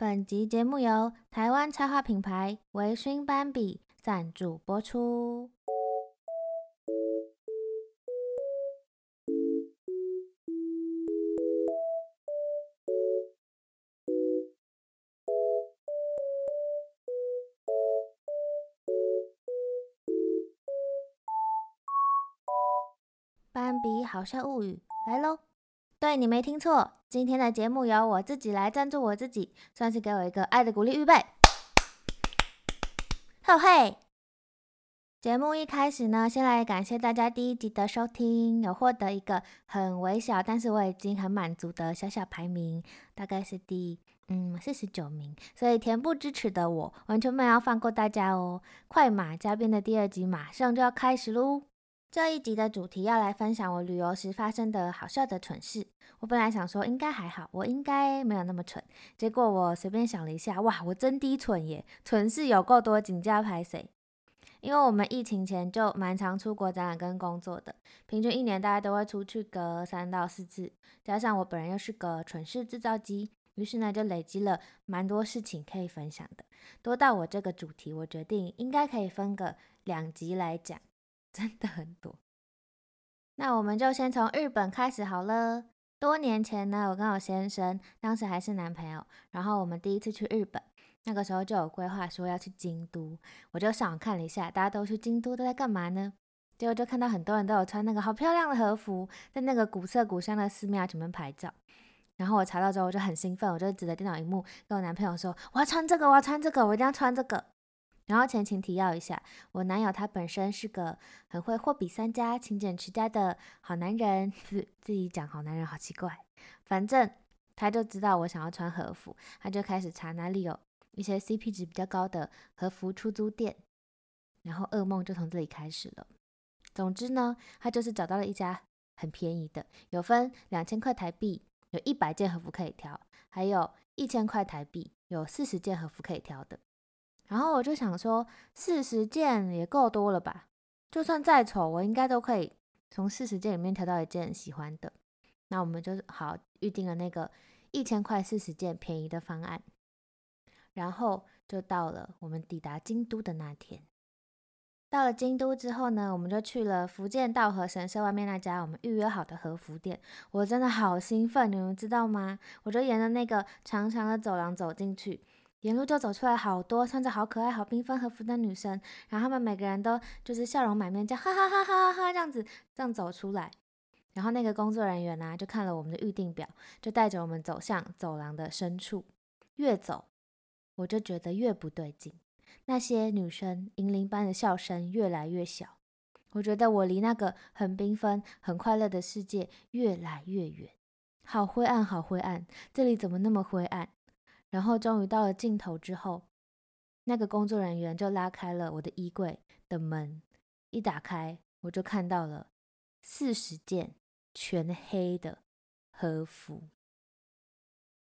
本集節目由台灣插畫品牌維勳斑比贊助播出。斑比好笑物語來嘍！對，你沒聽錯。今天的節目由我自己來贊助我自己，算是給我一個愛的鼓勵，預備。好嘿，節目一開始呢，先來感謝大家第一集的收聽，有獲得一個很微小，但是我已經很滿足的小小排名，大概是第嗯四十九名，所以恬不知恥的我，完全沒有放過大家哦。快馬加鞭的第二集馬上就要開始嘍！這一集的主題要來分享我旅遊時發生的好笑的蠢事。我本來想說應該還好，我應該沒有那麼蠢。結果我隨便想了一下，哇，我真的蠢耶！蠢事有夠多，見笑歹勢。因為我們疫情前就蠻常出國展覽跟工作的，平均一年大概都會出去個三到四次，加上我本人又是個蠢事制造機，於是呢就累積了蠻多事情可以分享的，多到我這個主題我決定應該可以分個兩集來講。真的很多，那我們就先從日本開始好了。多年前呢，我跟我先生當時還是男朋友，然後我們第一次去日本，那個時候就有規劃說要去京都。我就上網看了一下，大家都去京都都在幹嘛呢？結果就看到很多人都有穿那個好漂亮的和服，在那個古色古香的寺廟前面拍照。然後我查到之後，我就很興奮，我就指着電腦熒幕跟我男朋友說：“我要穿這個，我要穿這個，我一定要穿這個。”然後前情提要一下，我男友他本身是個很會貨比三家、勤儉持家的好男人，自自己講好男人好奇怪。反正他就知道我想要穿和服，他就開始查哪裡有一些 CP 值比較高的和服出租店。然後噩夢就從這裡開始了。總之呢，他就是找到了一家很便宜的，有分兩千塊台幣有一百件和服可以挑，還有一千塊台幣有四十件和服可以挑的。然後我就想說，四十件也夠多了吧？就算再醜，我應該都可以從四十件裡面挑到一件喜歡的。那我們就好預定了那個一千塊四十件便宜的方案。然後就到了我們抵達京都的那天。到了京都之後呢，我們就去了伏見稻荷神社外面那家我們預約好的和服店。我真的好興奮，你們知道嗎？我就沿着那個長長的走廊走進去。沿路就走出來好多穿着好可愛、好繽紛和服的女生，然後她們每個人都就是笑容滿面，這樣哈哈哈哈哈哈這樣子這樣走出來。然後那個工作人員呢、啊，就看了我們的預定表，就帶着我們走向走廊的深處。越走，我就覺得越不對勁。那些女生銀鈴般的笑聲越來越小，我覺得我離那個很繽紛、很快樂的世界越來越遠。好灰暗，好灰暗，這裡怎麼那麼灰暗？然後終於到了盡頭之後，那個工作人員就拉開了我的衣櫃的門，一打開我就看到了四十件全黑的和服。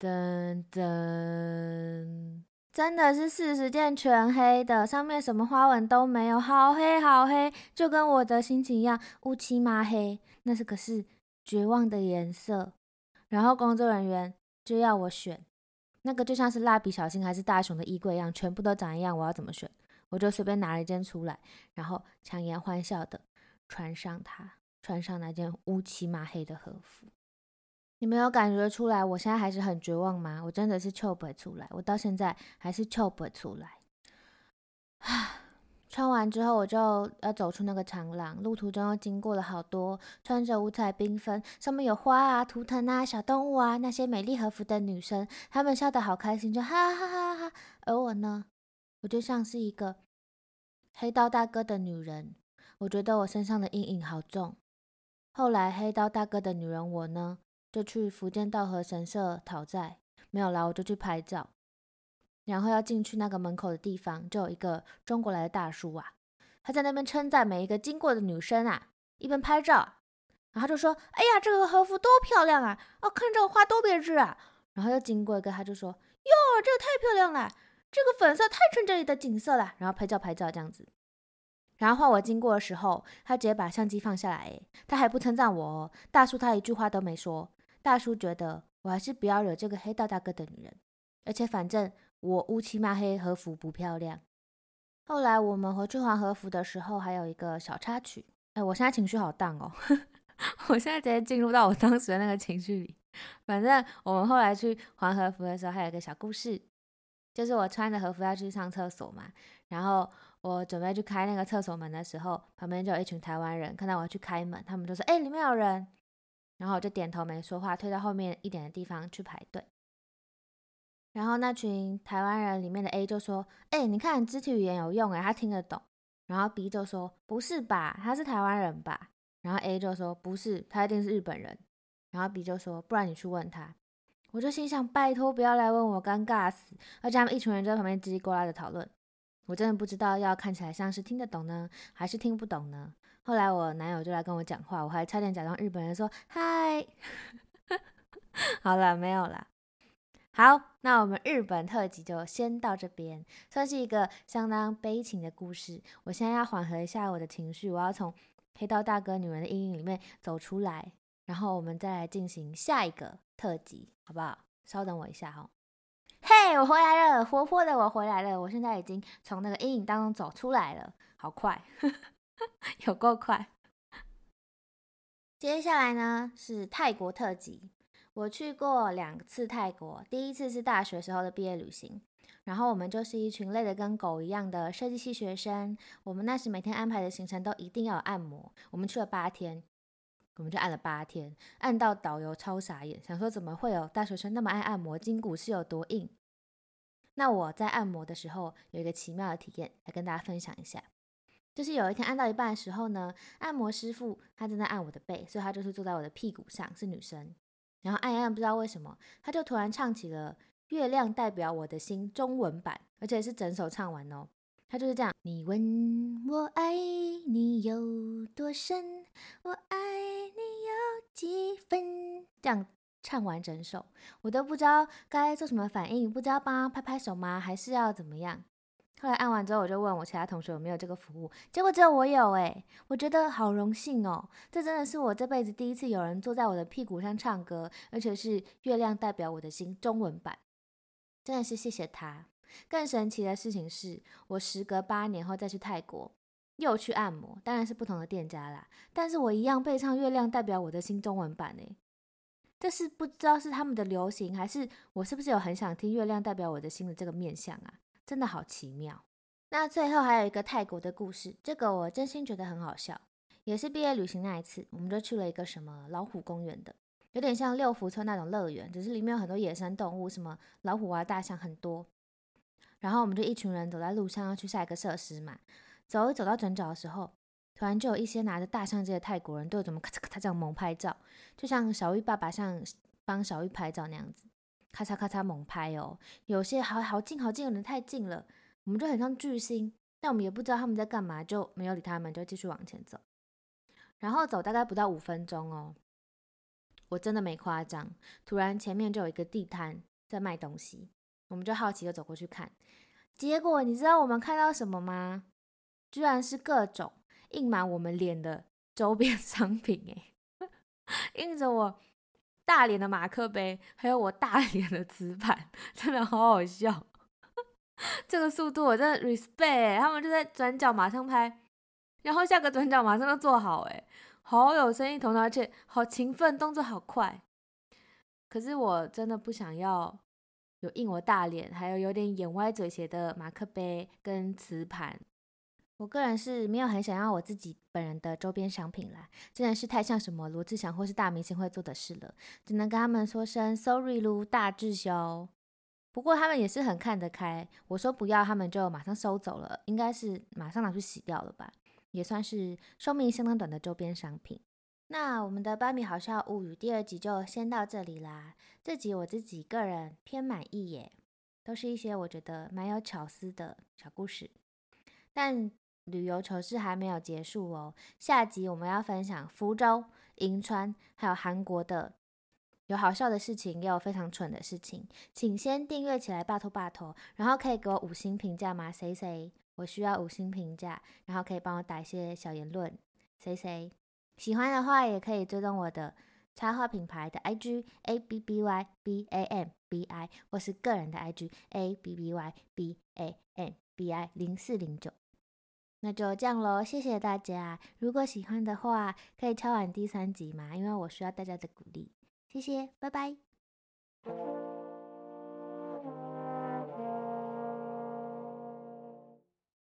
噔噔，真的是四十件全黑的，上面什麼花紋都沒有，好黑好黑，就跟我的心情一樣烏漆嘛黑，那是可是絕望的顏色。然後工作人員就要我選。那個就像是蠟筆小新還是大雄的衣櫃一樣，全部都長一樣。我要怎麼選？我就隨便拿了一件出來，然後強顏歡笑地穿上它，穿上那件烏漆麻黑的和服。你沒有感覺出來，我現在還是很絕望嗎？我真的是跳不出來，我到現在還是跳不出來。唉。穿完之後，我就要走出那個長廊，路途中又經過了好多穿着五彩繽紛、上面有花啊、圖騰啊、小動物啊那些美麗和服的女生，她們笑得好開心，就哈哈哈哈哈。而我呢，我就像是一個黑道大哥的女人，我覺得我身上的陰影好重。後來黑道大哥的女人我呢，就去伏見稻荷神社討債，沒有啦，我就去拍照。然後要進去那個門口的地方，就有一個中國來的大叔啊，他在那邊稱讚每一個經過的女生啊，一邊拍照，然後就說：“哎呀，這個和服多漂亮啊！哦、啊，看這個花多別緻啊！”然後又經過一個，他就說：“喲，這個太漂亮了，這個粉色太襯這裡的景色了。”然後拍照拍照這樣子。然後換我經過的時候，他直接把相機放下來，誒，他還不稱讚我，大叔他一句話都沒說。大叔覺得我還是不要惹這個黑道大哥的女人，而且反正。我烏漆嘛黑，和服不漂亮。後來我們回去換和服的時候，還有一個小插曲。哎，我現在情緒好蕩哦， 我現在直接進入到我當時的那個情緒裡。反正我們後來去還和服的時候，還有一個小故事，就是我穿着和服要去上廁所嘛。然後我準備去開那個廁所門的時候，旁邊就有一群台灣人看到我要去開門，他們就說：“哎，裡面有人。”然後我就點頭沒說話，退到後面一點的地方去排隊。然後那群台灣人裡面的 A 就說：“哎、欸，你看肢體語言有用，哎，他聽得懂。”然後 B 就說：“不是吧，他是台灣人吧？”然後 A 就說：“不是，他一定是日本人。”然後 B 就說：“不然你去問他。”我就心想：“拜託，不要來問我，尷尬死！”而且他們一群人就在旁邊嘰哩呱啦的討論，我真的不知道要看起來像是聽得懂呢，還是聽不懂呢。後來我男友就來跟我講話，我還差點假裝日本人說：“嗨。”好了，沒有了。好，那我們日本特輯就先到這邊，算是一個相當悲情的故事。我現在要緩和一下我的情緒，我要從黑道大哥女人的陰影裡面走出來，然後我們再來進行下一個特輯，好不好？稍等我一下哈、哦。嘿、hey，我回來了，活潑的我回來了，我現在已經從那個陰影當中走出來了，好快， 有夠快。接下來呢是泰國特輯。我去過兩次泰國，第一次是大學時候的畢業旅行，然後我們就是一群累的跟狗一樣的設計系學生。我們那時每天安排的行程都一定要有按摩，我們去了八天，我們就按了八天，按到導遊超傻眼，想說怎麼會有大學生那麼愛按摩，筋骨是有多硬？那我在按摩的時候有一個奇妙的體驗，來跟大家分享一下，就是有一天按到一半的時候呢，按摩師傅他正在按我的背，所以他就是坐在我的屁股上，是女生。然後按一按，不知道為什麼，他就突然唱起了《月亮代表我的心》中文版，而且是整首唱完哦。他就是這樣，你問我愛你有多深，我愛你有幾分，這樣唱完整首，我都不知道該做什麼反應，不知道幫拍拍手嗎，還是要怎麼樣？後來按完之後，我就問我其他同學有沒有這個服務，結果只有我有哎，我覺得好榮幸哦，這真的是我這輩子第一次有人坐在我的屁股上唱歌，而且是《月亮代表我的心》中文版，真的是謝謝他。更神奇的事情是，我時隔八年後再去泰國又去按摩，當然是不同的店家啦，但是我一樣被唱《月亮代表我的心》中文版哎，這是不知道是他們的流行，還是我是不是有很想聽《月亮代表我的心》的這個面相啊？真的好奇妙。那最後還有一個泰國的故事，這個我真心覺得很好笑。也是畢業旅行那一次，我們就去了一個什麼老虎公園的，有點像六福村那種樂園，只是裡面有很多野生動物，什麼老虎啊、大象很多。然後我們就一群人走在路上要去下一個設施嘛，走一走到轉角的時候，突然就有一些拿着大相機的泰國人都怎麼咔嚓咔嚓，這樣猛拍照，就像小玉爸爸像幫小玉拍照那樣子。咔嚓咔嚓猛拍哦，有些好好近好近的人太近了，我們就很像巨星，但我們也不知道他們在幹嘛，就沒有理他們，就繼續往前走。然後走大概不到五分鐘哦，我真的沒誇張，突然前面就有一個地攤在賣東西，我們就好奇的走過去看，結果你知道我們看到什麼嗎？居然是各種印滿我們臉的周邊商品哎， 印着我。大臉的馬克杯，還有我大臉的瓷盤，真的好好笑。 這個速度我真的 respect，、欸、他們就在轉角馬上拍，然後下個轉角馬上就做好、欸，哎，好有生意頭腦，而且好勤奮，動作好快。可是我真的不想要有印我大臉，還有有點眼歪嘴斜的馬克杯跟瓷盤。我個人是沒有很想要我自己本人的周邊商品啦，真的是太像什麼羅志祥或是大明星會做的事了，只能跟他們說聲 sorry 嚕大智兄。不過他們也是很看得開，我說不要，他們就馬上收走了，應該是馬上拿去洗掉了吧，也算是壽命相當短的周邊商品。那我們的《八米好笑物語》第二集就先到這裡啦，這集我自己個人偏滿意耶，都是一些我覺得蠻有巧思的小故事，但。旅遊糗事還沒有結束哦，下集我們要分享福州、銀川，還有韓國的有好笑的事情，也有非常蠢的事情，請先訂閱起來，拜托拜托，然後可以給我五星評價嗎？謝謝，我需要五星評價，然後可以幫我打一些小言論，謝謝，喜歡的話也可以追蹤我的插畫品牌的 i g a b b y b a m b i，或是個人的 IG a b b y b a m b i 零四零九。那就這樣咯，謝謝大家。如果喜歡的話，可以敲碗第三集嘛，因為我需要大家的鼓勵。謝謝，拜拜。